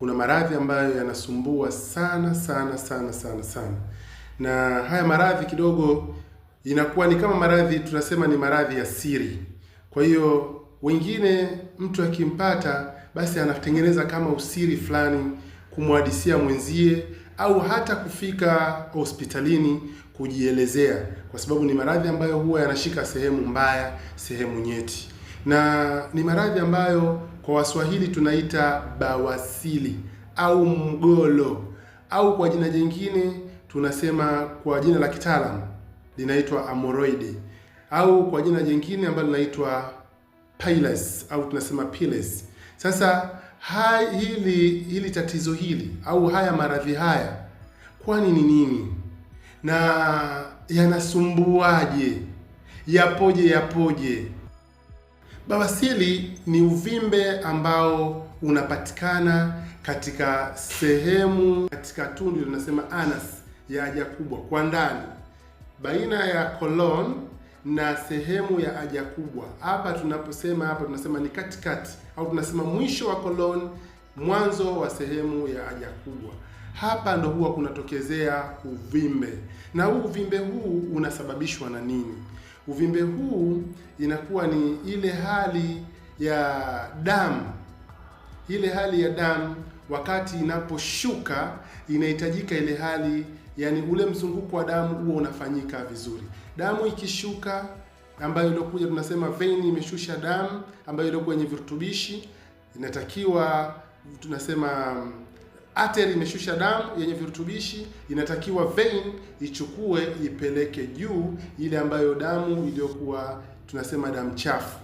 kuna maradhi ambayo yanasumbua sana sana sana sana sana, na haya maradhi kidogo inakuwa ni kama maradhi tunasema ni maradhi ya siri. Kwa hiyo wengine mtu akimpata basi anatengeneza kama usiri fulani kumwadisia mwenzie au hata kufika hospitalini kujielezea, kwa sababu ni maradhi ambayo huwa yanashika sehemu mbaya, sehemu nyeti, na ni maradhi ambayo kwa Waswahili tunaita bawasili au mgolo, au kwa jina jingine tunasema kwa jina la kitaalam linaitwa amoroidi, au kwa jina jingine ambalo linaitwa pilus au tunasema pilus. Sasa hai, hili hili tatizo hili au haya maradhi haya kwani ni nini na yanasumbuaje? Yapoje yapoje? bawasili ni uvimbe ambao unapatikana katika sehemu katika tundu tunasema anus ya haja kubwa kwa ndani, baina ya colon na sehemu ya haja kubwa. Hapa tunaposema hapa tunasema ni katikati au tunasema mwisho wa colon, mwanzo wa sehemu ya haja kubwa. Hapa ndo huwa kunatokezea uvimbe, na huu uvimbe huu unasababishwa na nini? Uvimbe huu inakuwa ni ile hali ya damu, ile hali ya damu wakati inaposhuka inahitajika ile hali yani, ule mzunguko wa damu huo unafanyika vizuri. Damu ikishuka, ambayo iliokuja tunasema vein imeshusha damu ambayo iliokuwa yenye virutubishi, inatakiwa tunasema Ateri imeshusha damu yenye virutubishi, inatakiwa vein ichukue ipeleke juu ile ambayo damu iliyokuwa tunasema damu chafu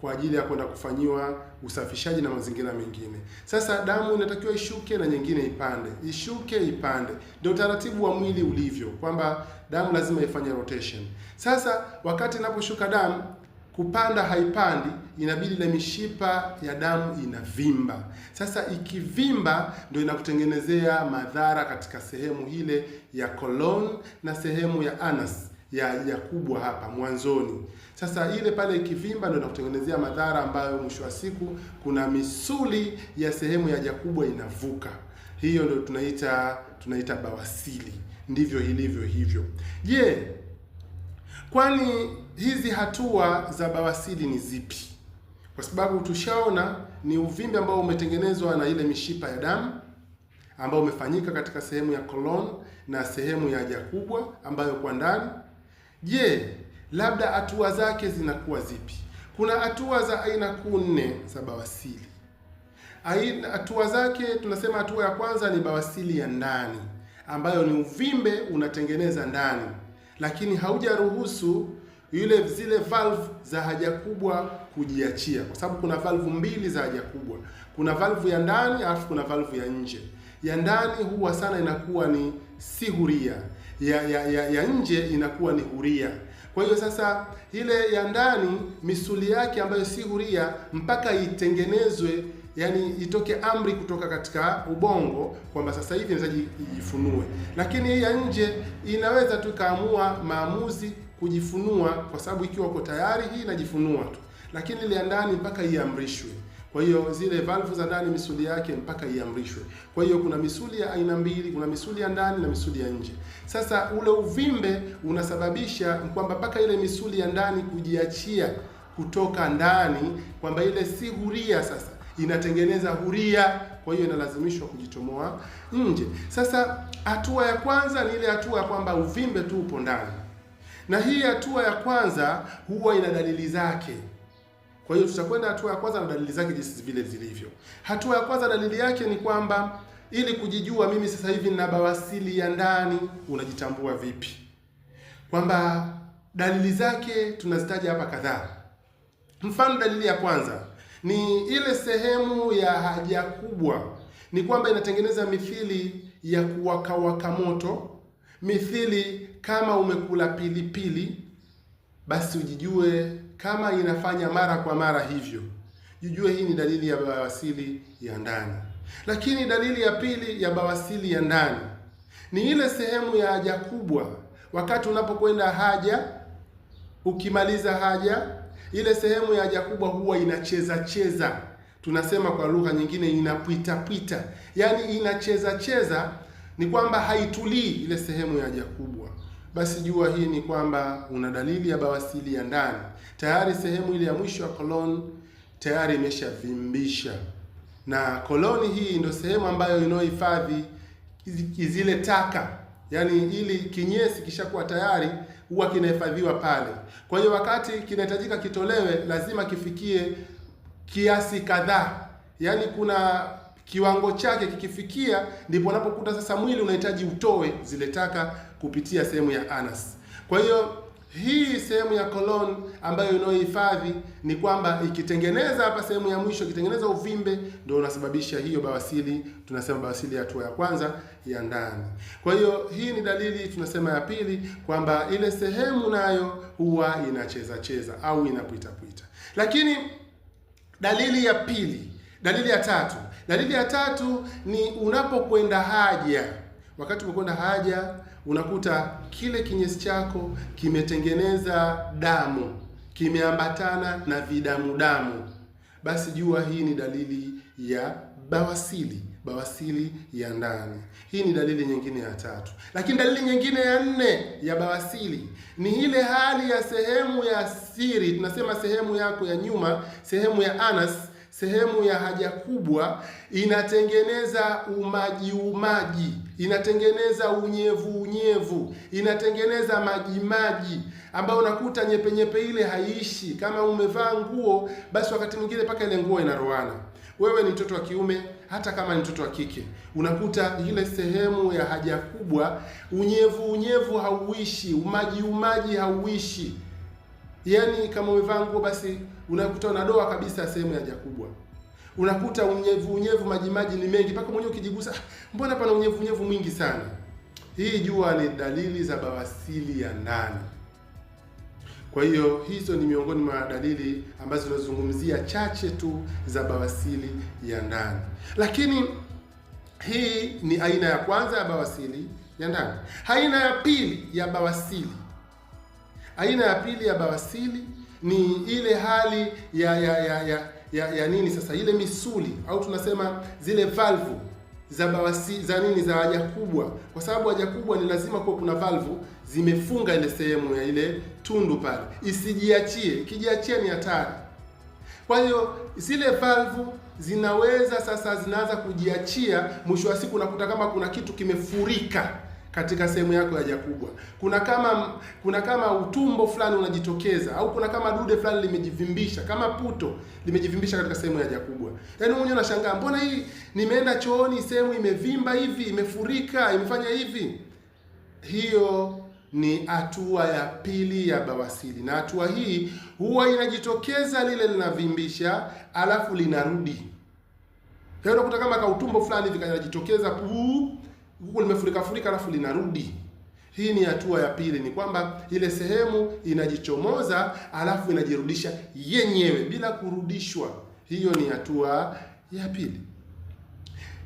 kwa ajili ya kwenda kufanyiwa usafishaji na mazingira mengine. Sasa damu inatakiwa ishuke na nyingine ipande, ishuke ipande, ndio utaratibu wa mwili ulivyo, kwamba damu lazima ifanye rotation. Sasa wakati inaposhuka damu kupanda haipandi, inabidi na mishipa ya damu inavimba. Sasa ikivimba, ndio inakutengenezea madhara katika sehemu ile ya colon na sehemu ya anus ya ya kubwa hapa mwanzoni. Sasa ile pale ikivimba, ndio inakutengenezea madhara ambayo mwisho wa siku kuna misuli ya sehemu ya haja kubwa inavuka. Hiyo ndio tunaita tunaita bawasili, ndivyo ilivyo hivyo. Je, Kwani hizi hatua za bawasiri ni zipi? Kwa sababu tushaona ni uvimbe ambao umetengenezwa na ile mishipa ya damu ambao umefanyika katika sehemu ya colon na sehemu ya haja kubwa ambayo kwa ndani. Je, labda hatua zake zinakuwa zipi? Kuna hatua za aina kuu nne za bawasiri. Aina hatua zake tunasema, hatua ya kwanza ni bawasiri ya ndani ambayo ni uvimbe unatengeneza ndani lakini haujaruhusu yule zile valve za haja kubwa kujiachia, kwa sababu kuna valve mbili za haja kubwa. Kuna valve ya ndani alafu kuna valve ya nje. Ya ndani huwa sana inakuwa ni si huria, ya ya, ya, ya nje inakuwa ni huria. Kwa hiyo sasa ile ya ndani misuli yake ambayo si huria mpaka itengenezwe yani itoke amri kutoka katika ubongo kwamba sasa hivi inahitaji ijifunue, lakini ya nje inaweza tu ikaamua maamuzi kujifunua, kwa sababu ikiwa uko tayari hii inajifunua tu, lakini ile ya ndani mpaka iamrishwe. Kwa hiyo zile valvu za ndani misuli yake mpaka iamrishwe. Kwa hiyo kuna misuli ya aina mbili, kuna misuli ya ndani na misuli ya nje. Sasa ule uvimbe unasababisha kwamba mpaka ile misuli ya ndani kujiachia kutoka ndani, kwamba ile si huria sasa inatengeneza huria, kwa hiyo inalazimishwa kujitomoa nje. Sasa hatua ya kwanza ni ile hatua ya kwamba uvimbe tu upo ndani, na hii hatua ya kwanza huwa ina dalili zake. Kwa hiyo tutakwenda hatua ya kwanza na dalili zake jinsi vile zilivyo. Hatua ya kwanza, dalili yake ni kwamba ili kujijua mimi sasa hivi nina bawasili ya ndani, unajitambua vipi? Kwamba dalili zake tunazitaja hapa kadhaa. Mfano, dalili ya kwanza ni ile sehemu ya haja kubwa, ni kwamba inatengeneza mithili ya kuwakawaka moto, mithili kama umekula pilipili pili, basi ujijue kama inafanya mara kwa mara hivyo, jijue hii ni dalili ya bawasili ya ndani. Lakini dalili ya pili ya bawasili ya ndani ni ile sehemu ya haja kubwa, wakati unapokwenda haja, ukimaliza haja ile sehemu ya haja kubwa huwa inacheza cheza, tunasema kwa lugha nyingine inapwita pwita, yaani inacheza cheza, ni kwamba haitulii ile sehemu ya haja kubwa. Basi jua hii ni kwamba una dalili ya bawasili ya ndani tayari, sehemu ile ya mwisho ya koloni tayari imeshavimbisha, na koloni hii ndio sehemu ambayo inayohifadhi zile taka, yaani ili kinyesi kishakuwa tayari huwa kinahifadhiwa pale. Kwa hiyo wakati kinahitajika kitolewe, lazima kifikie kiasi kadhaa, yaani kuna kiwango chake, kikifikia ndipo unapokuta sasa mwili unahitaji utoe zile taka kupitia sehemu ya anus. Kwa hiyo hii sehemu ya colon ambayo inayohifadhi ni kwamba ikitengeneza hapa sehemu ya mwisho, ikitengeneza uvimbe, ndio unasababisha hiyo bawasili, tunasema bawasili hatua ya kwanza ya ndani. Kwa hiyo hii ni dalili tunasema ya pili kwamba ile sehemu nayo huwa inacheza cheza au inapita pita. Lakini dalili ya pili, dalili ya tatu, dalili ya tatu ni unapokwenda haja. Wakati unakwenda haja, unakuta kile kinyesi chako kimetengeneza damu, kimeambatana na vidamu damu, basi jua hii ni dalili ya bawasili bawasili ya ndani. Hii ni dalili nyingine ya tatu. Lakini dalili nyingine ya nne ya bawasili ni ile hali ya sehemu ya siri, tunasema sehemu yako ya nyuma, sehemu ya anas, sehemu ya haja kubwa inatengeneza umaji umaji, inatengeneza unyevu unyevu, inatengeneza maji maji ambayo unakuta nyepe nyepe, ile haiishi. Kama umevaa nguo, basi wakati mwingine mpaka ile nguo inaroana. Wewe ni mtoto wa kiume hata kama ni mtoto wa kike, unakuta ile sehemu ya haja kubwa unyevu unyevu hauishi, umaji umaji hauishi. Yaani kama umevaa nguo, basi unakuta unadoa kabisa sehemu ya haja kubwa, unakuta unyevu unyevu maji maji ni mengi, mpaka mwenyewe ukijigusa, ah, mbona pana unyevu unyevu mwingi sana. Hii jua ni dalili za bawasili ya ndani. Kwa hiyo hizo ni miongoni mwa dalili ambazo tunazungumzia chache tu za bawasili ya ndani, lakini hii ni aina ya kwanza ya bawasili ya ndani. Aina ya pili ya bawasili, aina ya pili ya bawasili ni ile hali ya ya ya ya, ya, ya nini sasa, ile misuli au tunasema zile valvu za bawasi za nini za haja kubwa, kwa sababu haja kubwa ni lazima kuwa kuna valvu zimefunga ile sehemu ya ile tundu pale, isijiachie. Ikijiachia ni hatari. Kwa hiyo zile valvu zinaweza sasa, zinaanza kujiachia, mwisho wa siku unakuta kama kuna kitu kimefurika katika sehemu yako ya haja kubwa. Kuna kama kuna kama utumbo fulani unajitokeza, au kuna kama dude fulani limejivimbisha, kama puto limejivimbisha katika sehemu ya haja kubwa. Yaani mwenyewe unashangaa, mbona hii nimeenda chooni sehemu imevimba hivi, imefurika, imefanya hivi? Hiyo ni hatua ya pili ya bawasiri, na hatua hii huwa inajitokeza lile linavimbisha, alafu linarudi. Yaani unakuta kama kautumbo fulani vikajitokeza puu huku limefurika furika alafu linarudi. Hii ni hatua ya pili, ni kwamba ile sehemu inajichomoza alafu inajirudisha yenyewe bila kurudishwa. Hiyo ni hatua ya pili.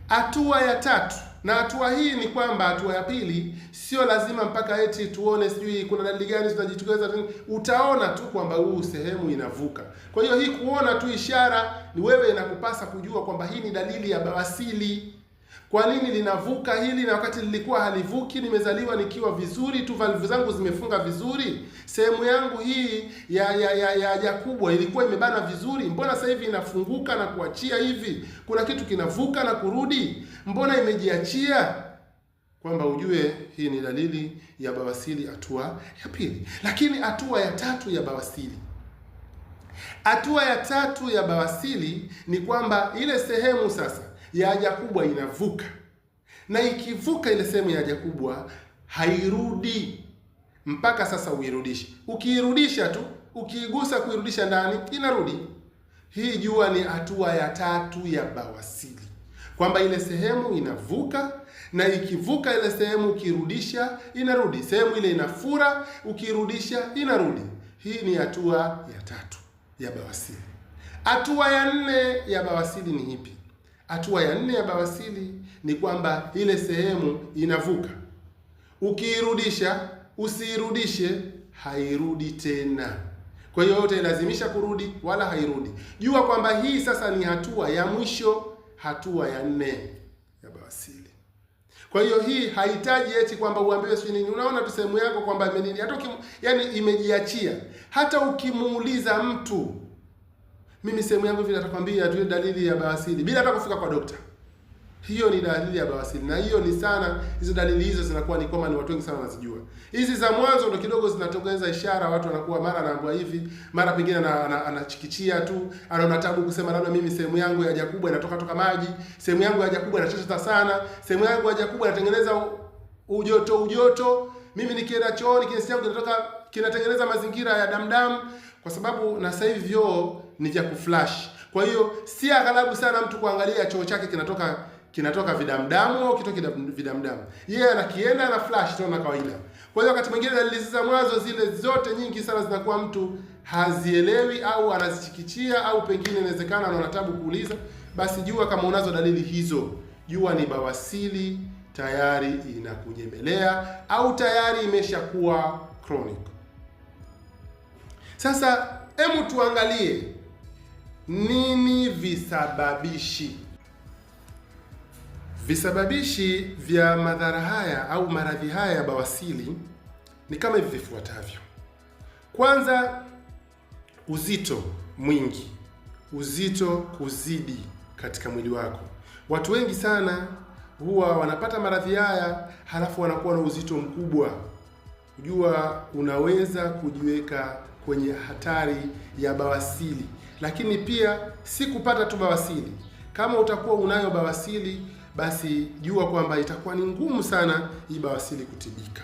Hatua ya tatu na hatua hii ni kwamba, hatua ya pili sio lazima mpaka eti tuone sijui kuna dalili gani zinajitokeza. Utaona tu kwamba huu sehemu inavuka. Kwa hiyo hii kuona tu ishara ni wewe, inakupasa kujua kwamba hii ni dalili ya bawasili. Kwa nini linavuka hili na wakati lilikuwa halivuki? Nimezaliwa nikiwa vizuri tu, valvu zangu zimefunga vizuri, sehemu yangu hii ya ya, ya, ya, ya kubwa ilikuwa imebana vizuri, mbona sasa hivi inafunguka na kuachia hivi? Kuna kitu kinavuka na kurudi, mbona imejiachia? Kwamba ujue hii ni dalili ya bawasili hatua ya pili. Lakini hatua ya tatu ya bawasili hatua ya tatu ya bawasili ni kwamba ile sehemu sasa ya haja kubwa inavuka, na ikivuka ile sehemu ya haja kubwa hairudi mpaka sasa uirudishe. Ukiirudisha tu, ukiigusa kuirudisha ndani, inarudi. Hii jua ni hatua ya tatu ya bawasili, kwamba ile sehemu inavuka na ikivuka ile sehemu ukirudisha inarudi, sehemu ile inafura ukirudisha inarudi. Hii ni hatua ya tatu ya bawasili. Hatua ya nne ya bawasili ni ipi? Hatua ya nne ya bawasili ni kwamba ile sehemu inavuka, ukiirudisha usiirudishe, hairudi tena. Kwa hiyo yote ilazimisha kurudi wala hairudi. Jua kwamba hii sasa ni hatua ya mwisho, hatua ya nne ya bawasili. Kwa hiyo hii hahitaji eti kwamba uambiwe sijui nini. Unaona tu sehemu yako kwamba imenini, hata yani imejiachia. Hata ukimuuliza mtu mimi sehemu yangu hivi natakwambia tu dalili ya bawasili bila hata kufika kwa dokta. Hiyo ni dalili ya bawasili na hiyo ni sana, hizo dalili hizo zinakuwa ni common, watu wengi sana wanazijua. Hizi za mwanzo ndo kidogo zinatokeza ishara, watu wanakuwa mara anaambua hivi, mara pengine anachikichia tu, anaona tabu kusema labda mimi sehemu yangu ya haja kubwa inatoka toka maji, sehemu yangu ya haja kubwa inachota sana, sehemu yangu ya haja kubwa inatengeneza ujoto ujoto, mimi nikienda chooni kinesi changu kinatoka kinatengeneza mazingira ya damdamu, kwa sababu na sasa hivi vyoo ni vya kuflash. Kwa hiyo si aghalabu sana mtu kuangalia choo chake kinatoka kinatoka vidamdamu au kitoki vidamdamu. Yeye yeah, anakienda na flash na kawaida. Kwa hiyo wakati mwingine dalili za mwanzo zile zote nyingi sana zinakuwa mtu hazielewi au anazichikichia au pengine inawezekana anaona tabu kuuliza, basi jua kama unazo dalili hizo, jua ni bawasili tayari inakunyemelea au tayari imeshakuwa chronic. Sasa hebu tuangalie nini visababishi? Visababishi vya madhara haya au maradhi haya ya bawasili ni kama hivi vifuatavyo. Kwanza, uzito mwingi, uzito kuzidi katika mwili wako. Watu wengi sana huwa wanapata maradhi haya halafu wanakuwa na uzito mkubwa. Jua unaweza kujiweka kwenye hatari ya bawasili lakini pia si kupata tu bawasili Kama utakuwa unayo bawasili basi jua kwamba itakuwa ni ngumu sana hii bawasili kutibika,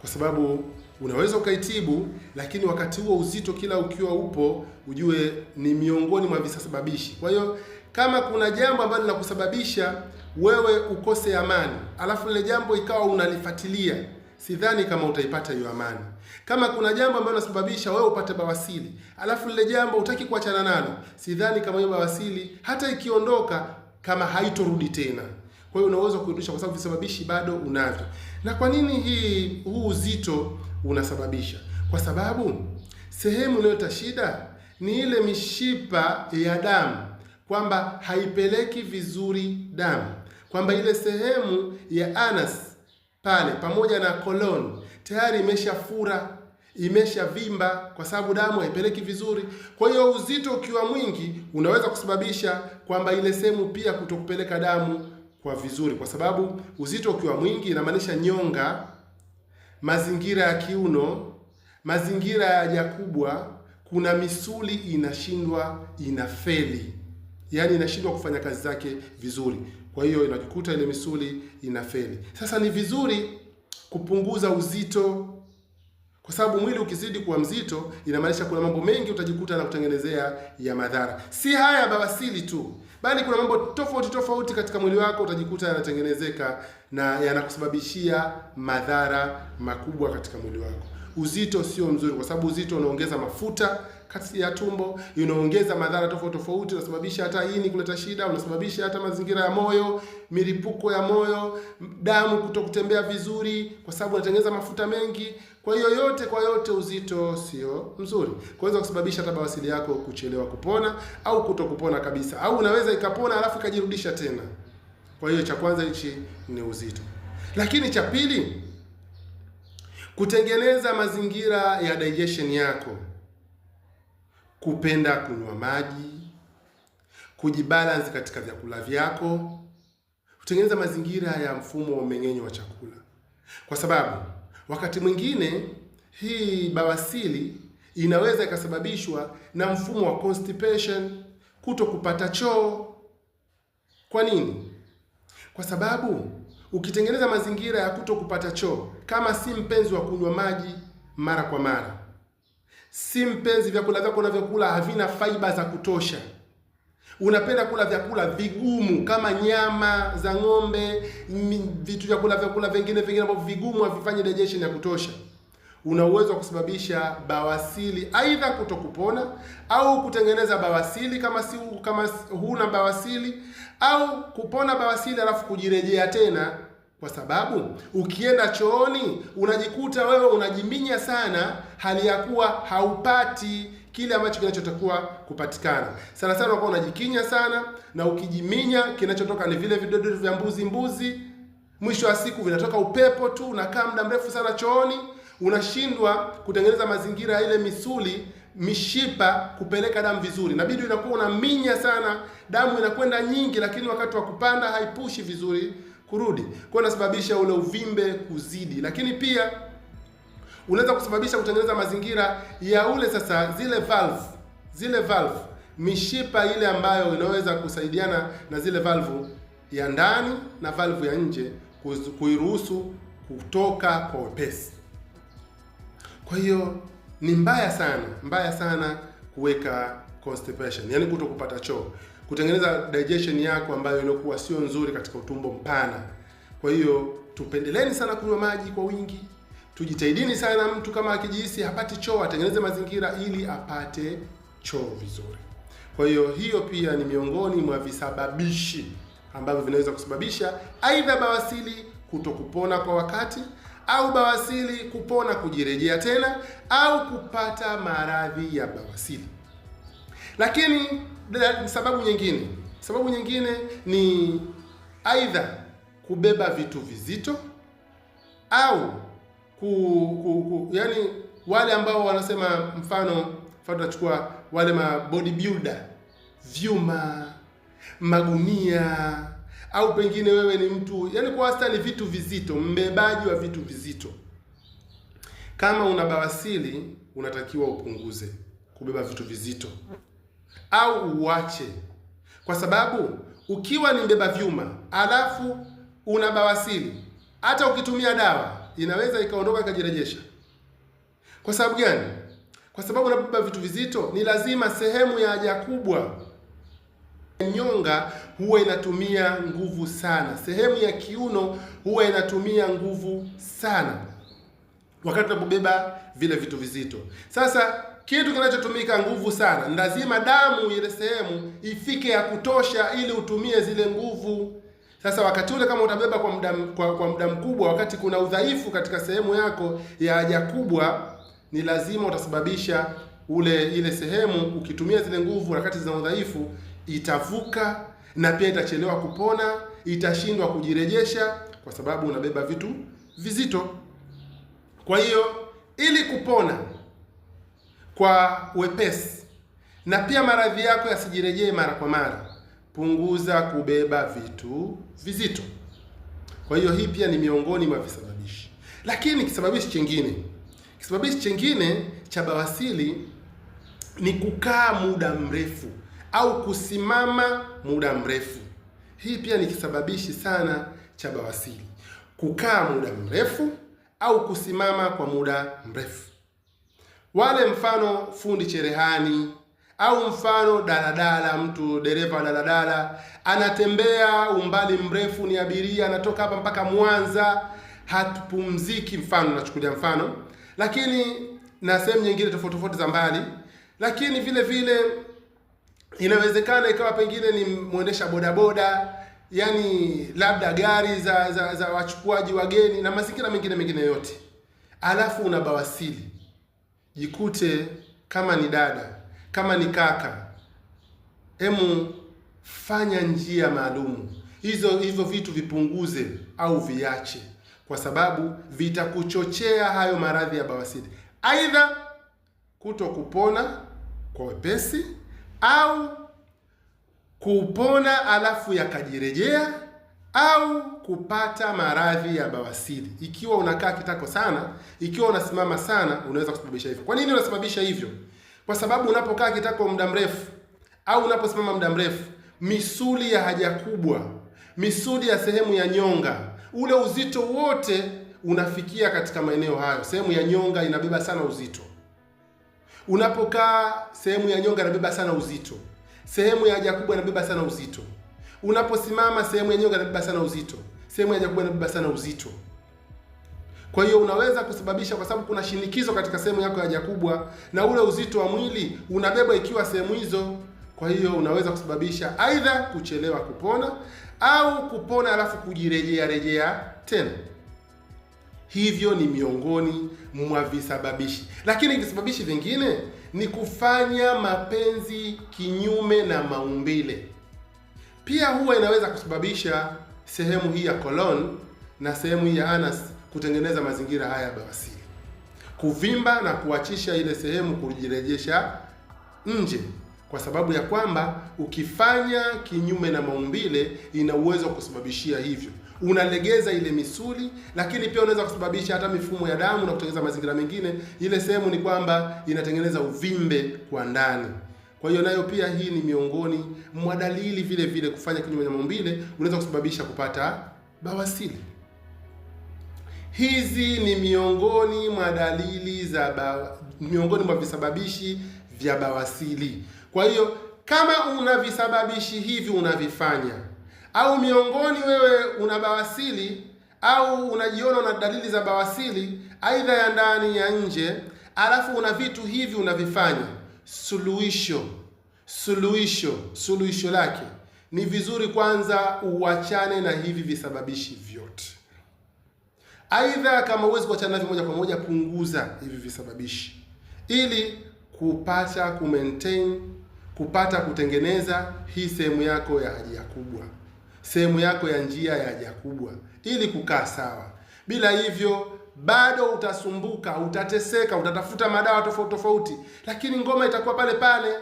kwa sababu unaweza ukaitibu, lakini wakati huo uzito kila ukiwa upo, ujue ni miongoni mwa visababishi. Kwa hiyo kama kuna jambo ambalo linakusababisha wewe ukose amani, alafu lile jambo ikawa unalifuatilia, sidhani kama utaipata hiyo amani. Kama kuna jambo ambalo linasababisha wewe upate bawasili, alafu lile jambo hutaki kuachana nalo, sidhani kama hiyo bawasili hata ikiondoka kama haitorudi tena. Kwa hiyo unaweza kuirudisha kwa sababu visababishi bado unavyo. Na kwa nini hii huu uzito unasababisha? Kwa sababu sehemu inayoleta shida ni ile mishipa ya damu, kwamba haipeleki vizuri damu, kwamba ile sehemu ya anus pale pamoja na kolon tayari imeshafura imeshavimba kwa sababu damu haipeleki vizuri. Kwa hiyo uzito ukiwa mwingi unaweza kusababisha kwamba ile sehemu pia kutokupeleka damu kwa vizuri, kwa sababu uzito ukiwa mwingi inamaanisha nyonga, mazingira ya kiuno, mazingira ya haja kubwa, kuna misuli inashindwa, inafeli, yaani inashindwa kufanya kazi zake vizuri. Kwa hiyo inajikuta ile misuli inafeli. Sasa ni vizuri kupunguza uzito kwa sababu mwili ukizidi kuwa mzito, inamaanisha kuna mambo mengi utajikuta na kutengenezea ya madhara. Si haya bawasili tu, bali kuna mambo tofauti tofauti katika mwili wako utajikuta yanatengenezeka na yanakusababishia madhara makubwa katika mwili wako. Uzito sio mzuri, kwa sababu uzito unaongeza mafuta kasi ya tumbo, inaongeza madhara tofauti tofauti, unasababisha hata ini kuleta shida, unasababisha hata mazingira ya moyo, milipuko ya moyo, damu kutokutembea vizuri, kwa sababu unatengeneza mafuta mengi. Kwa hiyo yote kwa yote, uzito sio mzuri, kuweza kusababisha hata bawasili yako kuchelewa kupona au kutokupona kabisa, au unaweza ikapona alafu ikajirudisha tena. Kwa hiyo cha kwanza hichi ni uzito, lakini cha pili kutengeneza mazingira ya digestion yako kupenda kunywa maji, kujibalansi katika vyakula vyako, kutengeneza mazingira ya mfumo wa mmeng'enyo wa chakula, kwa sababu wakati mwingine hii bawasili inaweza ikasababishwa na mfumo wa constipation, kuto kupata choo. Kwa nini? Kwa sababu ukitengeneza mazingira ya kuto kupata choo, kama si mpenzi wa kunywa maji mara kwa mara Si mpenzi, vyakula vyako unavyokula havina faiba za kutosha. Unapenda kula vyakula vigumu kama nyama za ng'ombe, vitu vyakula vyakula vingine vingine ambavyo vigumu havifanyi digestion ya kutosha. Una uwezo wa kusababisha bawasili aidha kutokupona au kutengeneza bawasili kama si kama huna bawasili au kupona bawasili alafu kujirejea tena kwa sababu ukienda chooni unajikuta wewe unajiminya sana, hali ya kuwa haupati kile ambacho kinachotakiwa kupatikana. Sana sana unakuwa unajikinya sana, na ukijiminya kinachotoka ni vile vidodo vya mbuzi mbuzi. Mwisho wa siku vinatoka upepo tu, unakaa muda mrefu sana chooni, unashindwa kutengeneza mazingira ile misuli mishipa kupeleka damu vizuri, inabidi inakuwa unaminya sana, damu inakwenda nyingi, lakini wakati wa kupanda haipushi vizuri kurudi, kwa inasababisha ule uvimbe kuzidi, lakini pia unaweza kusababisha kutengeneza mazingira ya ule sasa, zile valve zile valve mishipa ile ambayo inaweza kusaidiana na zile valvu ya ndani na valvu ya nje kuiruhusu kutoka kwa wepesi. Kwa hiyo ni mbaya sana, mbaya sana kuweka constipation, yani kuto kupata choo kutengeneza digestion yako ambayo inakuwa sio nzuri katika utumbo mpana. Kwa hiyo tupendeleni sana kunywa maji kwa wingi, tujitahidini sana. Mtu kama akijihisi hapati choo atengeneze mazingira ili apate choo vizuri. Kwa hiyo hiyo pia ni miongoni mwa visababishi ambavyo vinaweza kusababisha aidha bawasili kutokupona kwa wakati au bawasili kupona kujirejea tena au kupata maradhi ya bawasili, lakini Sababu nyingine, sababu nyingine ni aidha kubeba vitu vizito au ku, ku, ku, yani wale ambao wanasema, mfano mfano tunachukua wale ma bodybuilder, vyuma, magunia au pengine wewe ni mtu yani, kwa wastani vitu vizito, mbebaji wa vitu vizito. Kama una bawasili unatakiwa upunguze kubeba vitu vizito au uache, kwa sababu ukiwa ni mbeba vyuma alafu una bawasiri, hata ukitumia dawa inaweza ikaondoka ikajirejesha. Kwa sababu gani? Kwa sababu unapobeba vitu vizito, ni lazima sehemu ya haja kubwa nyonga huwa inatumia nguvu sana, sehemu ya kiuno huwa inatumia nguvu sana wakati unapobeba vile vitu vizito. Sasa kitu kinachotumika nguvu sana, ni lazima damu ile sehemu ifike ya kutosha, ili utumie zile nguvu. Sasa wakati ule kama utabeba kwa muda kwa, kwa muda mkubwa, wakati kuna udhaifu katika sehemu yako ya haja kubwa, ni lazima utasababisha ule ile sehemu, ukitumia zile nguvu wakati zina udhaifu, itavuka na pia itachelewa kupona, itashindwa kujirejesha, kwa sababu unabeba vitu vizito. Kwa hiyo ili kupona kwa wepesi, na pia maradhi yako yasijirejee mara kwa mara. Punguza kubeba vitu vizito. Kwa hiyo hii pia ni miongoni mwa visababishi, lakini kisababishi chingine, kisababishi chingine cha bawasili ni kukaa muda mrefu au kusimama muda mrefu. Hii pia ni kisababishi sana cha bawasili, kukaa muda mrefu au kusimama kwa muda mrefu wale mfano fundi cherehani au mfano daladala, mtu dereva daladala anatembea umbali mrefu, ni abiria, anatoka hapa mpaka Mwanza, hatupumziki, mfano nachukulia mfano, lakini na sehemu nyingine tofauti tofauti za mbali. Lakini vile vile inawezekana ikawa pengine ni mwendesha bodaboda, yani labda gari za za, za wachukuaji wageni na mazingira mengine mengine yote, alafu unabawasili jikute kama ni dada, kama ni kaka, hemu fanya njia maalumu hizo, hivyo vitu vipunguze au viache, kwa sababu vitakuchochea hayo maradhi ya bawasiri, aidha kuto kupona kwa wepesi au kupona alafu yakajirejea au kupata maradhi ya bawasiri. Ikiwa unakaa kitako sana, ikiwa unasimama sana, unaweza kusababisha hivyo. Kwa nini unasababisha hivyo? Kwa sababu unapokaa kitako muda mrefu au unaposimama muda mrefu, misuli ya haja kubwa, misuli ya sehemu ya nyonga, ule uzito wote unafikia katika maeneo hayo. Sehemu ya nyonga inabeba sana uzito. Unapokaa sehemu ya nyonga inabeba sana uzito, sehemu ya haja kubwa inabeba sana uzito unaposimama sehemu yenyewe nyonga inabeba sana uzito, sehemu yenye kubwa inabeba sana uzito. Kwa hiyo unaweza kusababisha, kwa sababu kuna shinikizo katika sehemu yako ya haja kubwa, na ule uzito wa mwili unabebwa ikiwa sehemu hizo. Kwa hiyo unaweza kusababisha aidha kuchelewa kupona au kupona alafu kujirejea rejea tena. Hivyo ni miongoni mwa visababishi, lakini visababishi vingine ni kufanya mapenzi kinyume na maumbile. Pia huwa inaweza kusababisha sehemu hii ya colon na sehemu hii ya anus kutengeneza mazingira haya ya bawasiri kuvimba na kuachisha ile sehemu kujirejesha nje, kwa sababu ya kwamba ukifanya kinyume na maumbile ina uwezo wa kusababishia hivyo. Unalegeza ile misuli, lakini pia unaweza kusababisha hata mifumo ya damu na kutengeneza mazingira mengine. Ile sehemu ni kwamba inatengeneza uvimbe kwa ndani. Kwa hiyo nayo pia hii ni miongoni mwa dalili vile vile, kufanya kinyume na maumbile unaweza kusababisha kupata bawasiri. Hizi ni miongoni mwa dalili za ba, miongoni mwa visababishi vya bawasiri. Kwa hiyo kama una visababishi hivi unavifanya, au miongoni wewe una bawasiri au unajiona una dalili za bawasiri, aidha ya ndani ya nje, alafu una vitu hivi unavifanya suluhisho, suluhisho, suluhisho lake ni vizuri kwanza uachane na hivi visababishi vyote. Aidha, kama huwezi kuachana navyo moja kwa moja, punguza hivi visababishi ili kupata ku kupata kutengeneza hii sehemu yako ya haja kubwa, sehemu yako ya njia ya haja kubwa, ili kukaa sawa. Bila hivyo bado utasumbuka, utateseka, utatafuta madawa tofauti tofauti, lakini ngoma itakuwa pale pale.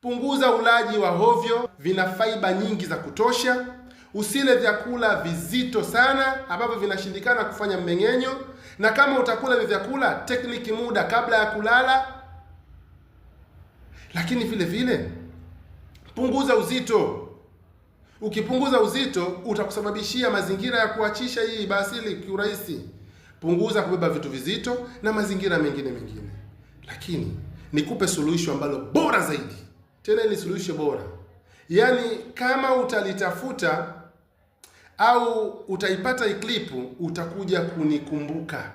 Punguza ulaji wa hovyo, vina faiba nyingi za kutosha. Usile vyakula vizito sana ambavyo vinashindikana kufanya mmeng'enyo, na kama utakula hivyo vyakula, tekniki muda kabla ya kulala. Lakini vile vile punguza uzito. Ukipunguza uzito, utakusababishia mazingira ya kuachisha hii basili kiurahisi punguza kubeba vitu vizito na mazingira mengine mengine. Lakini nikupe suluhisho ambalo bora zaidi, tena ni suluhisho bora, yaani kama utalitafuta au utaipata iklipu, utakuja kunikumbuka.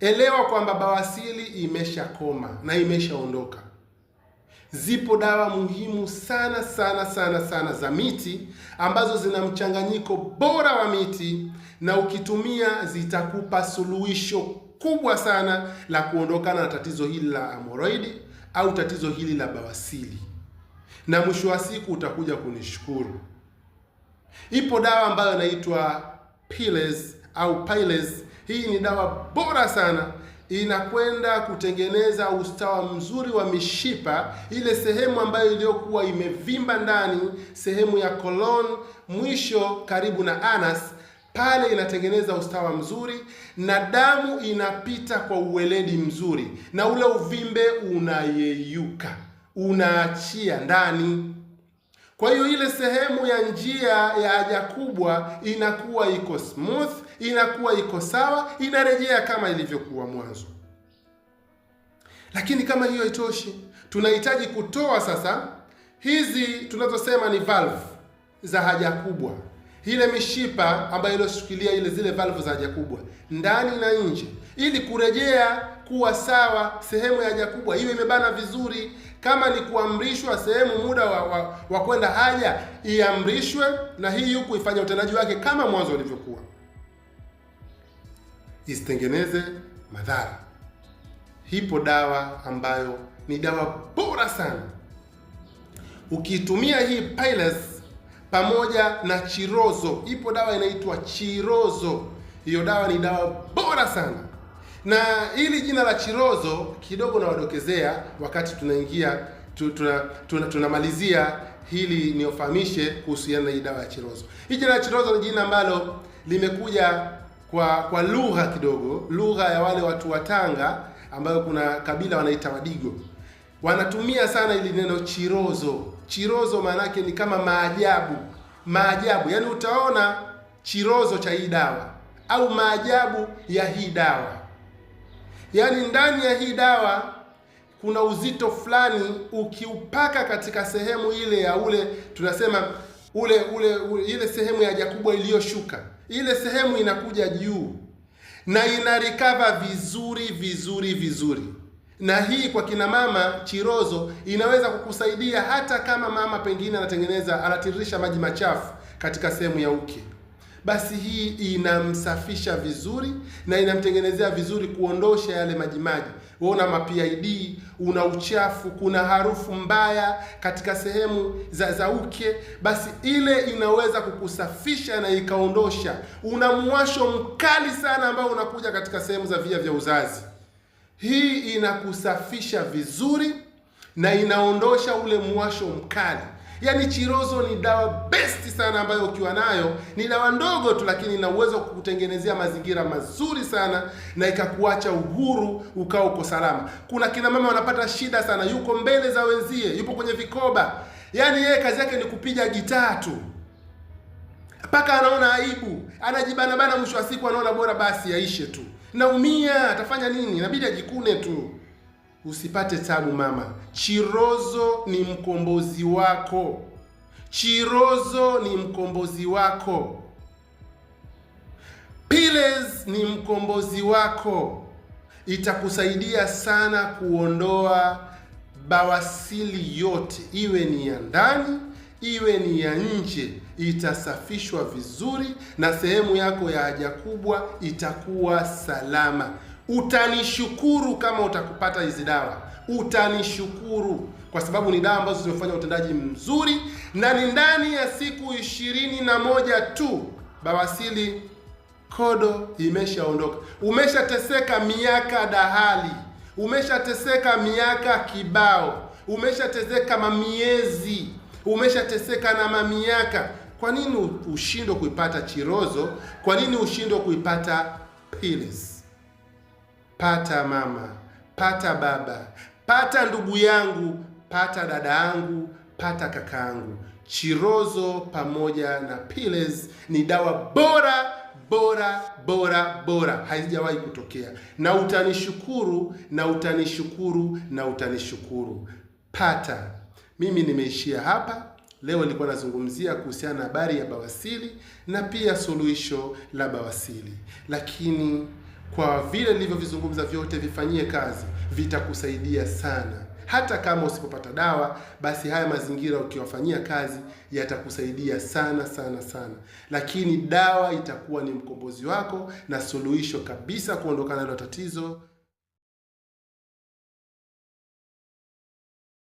Elewa kwamba bawasili imeshakoma na imeshaondoka zipo dawa muhimu sana sana sana sana za miti ambazo zina mchanganyiko bora wa miti, na ukitumia zitakupa suluhisho kubwa sana la kuondokana na tatizo hili la amoroidi au tatizo hili la bawasili, na mwisho wa siku utakuja kunishukuru. Ipo dawa ambayo inaitwa Piles au Piles. Hii ni dawa bora sana inakwenda kutengeneza ustawa mzuri wa mishipa, ile sehemu ambayo iliyokuwa imevimba ndani, sehemu ya colon, mwisho karibu na anus pale inatengeneza ustawa mzuri na damu inapita kwa uweledi mzuri, na ule uvimbe unayeyuka, unaachia ndani. Kwa hiyo ile sehemu ya njia ya haja kubwa inakuwa iko smooth inakuwa iko sawa, inarejea kama ilivyokuwa mwanzo. Lakini kama hiyo haitoshi, tunahitaji kutoa sasa hizi tunazosema ni valve za haja kubwa, ile mishipa ambayo inashikilia ile zile valve za haja kubwa ndani na nje, ili kurejea kuwa sawa, sehemu ya haja kubwa iwe imebana vizuri. Kama ni kuamrishwa sehemu muda wa, wa, wa kwenda haja iamrishwe, na hii huku ifanya utendaji wake kama mwanzo ulivyokuwa isitengeneze madhara. hipo dawa ambayo ni dawa bora sana. Ukitumia hii Pilex pamoja na Chirozo, ipo dawa inaitwa Chirozo. Hiyo dawa ni dawa bora sana, na hili jina la Chirozo kidogo nawadokezea wakati tunaingia tunamalizia tuna, tuna, tuna hili niofahamishe kuhusiana na hii dawa ya Chirozo. Hii jina la Chirozo ni jina ambalo limekuja kwa kwa lugha kidogo, lugha ya wale watu wa Tanga ambayo kuna kabila wanaita Wadigo, wanatumia sana ili neno chirozo. Chirozo maana yake ni kama maajabu, maajabu. Yaani utaona chirozo cha hii dawa au maajabu ya hii dawa, yaani ndani ya hii dawa kuna uzito fulani, ukiupaka katika sehemu ile ya ule tunasema ule ule, ule ile sehemu ya haja kubwa iliyoshuka ile sehemu inakuja juu na inarikava vizuri vizuri vizuri. Na hii kwa kina mama chirozo inaweza kukusaidia hata kama mama pengine anatengeneza anatiririsha maji machafu katika sehemu ya uke basi hii inamsafisha vizuri na inamtengenezea vizuri, kuondosha yale majimaji. Unaona mapid, una uchafu, kuna harufu mbaya katika sehemu za za uke, basi ile inaweza kukusafisha na ikaondosha. Una mwasho mkali sana ambao unakuja katika sehemu za via vya uzazi, hii inakusafisha vizuri na inaondosha ule mwasho mkali. Yaani Chirozo ni dawa besti sana ambayo ukiwa nayo ni dawa ndogo tu, lakini ina uwezo wa kukutengenezea mazingira mazuri sana na ikakuacha uhuru, ukawa uko salama. Kuna kina mama wanapata shida sana, yuko mbele za wenzie, yupo kwenye vikoba, yaani yeye kazi yake ni kupiga gitaa tu mpaka anaona aibu, anajibana bana. Mwisho wa siku anaona bora basi aishe tu, naumia, atafanya nini? Inabidi ajikune tu. Usipate tabu mama, Chirozo ni mkombozi wako. Chirozo ni mkombozi wako. Piles ni mkombozi wako. Itakusaidia sana kuondoa bawasili yote, iwe ni ya ndani, iwe ni ya nje, itasafishwa vizuri na sehemu yako ya haja kubwa itakuwa salama utanishukuru kama utakupata hizi dawa, utanishukuru kwa sababu ni dawa ambazo zimefanya utendaji mzuri, na ni ndani ya siku ishirini na moja tu bawasili kodo imeshaondoka. Umeshateseka miaka dahali, umeshateseka miaka kibao, umeshateseka mamiezi, umeshateseka na mamiaka. Kwa nini ushindwe kuipata chirozo? Kwa nini ushindwe kuipata pilis? pata mama, pata baba, pata ndugu yangu, pata dada yangu, pata kaka yangu. Chirozo pamoja na Piles ni dawa bora bora bora bora, haijawahi kutokea, na utanishukuru na utanishukuru na utanishukuru. Pata. Mimi nimeishia hapa. Leo nilikuwa nazungumzia kuhusiana na habari ya bawasili na pia suluhisho la bawasili lakini kwa vile nilivyovizungumza vyote, vifanyie kazi, vitakusaidia sana. Hata kama usipopata dawa, basi haya mazingira ukiwafanyia kazi yatakusaidia sana sana sana, lakini dawa itakuwa ni mkombozi wako na suluhisho kabisa kuondokana na tatizo.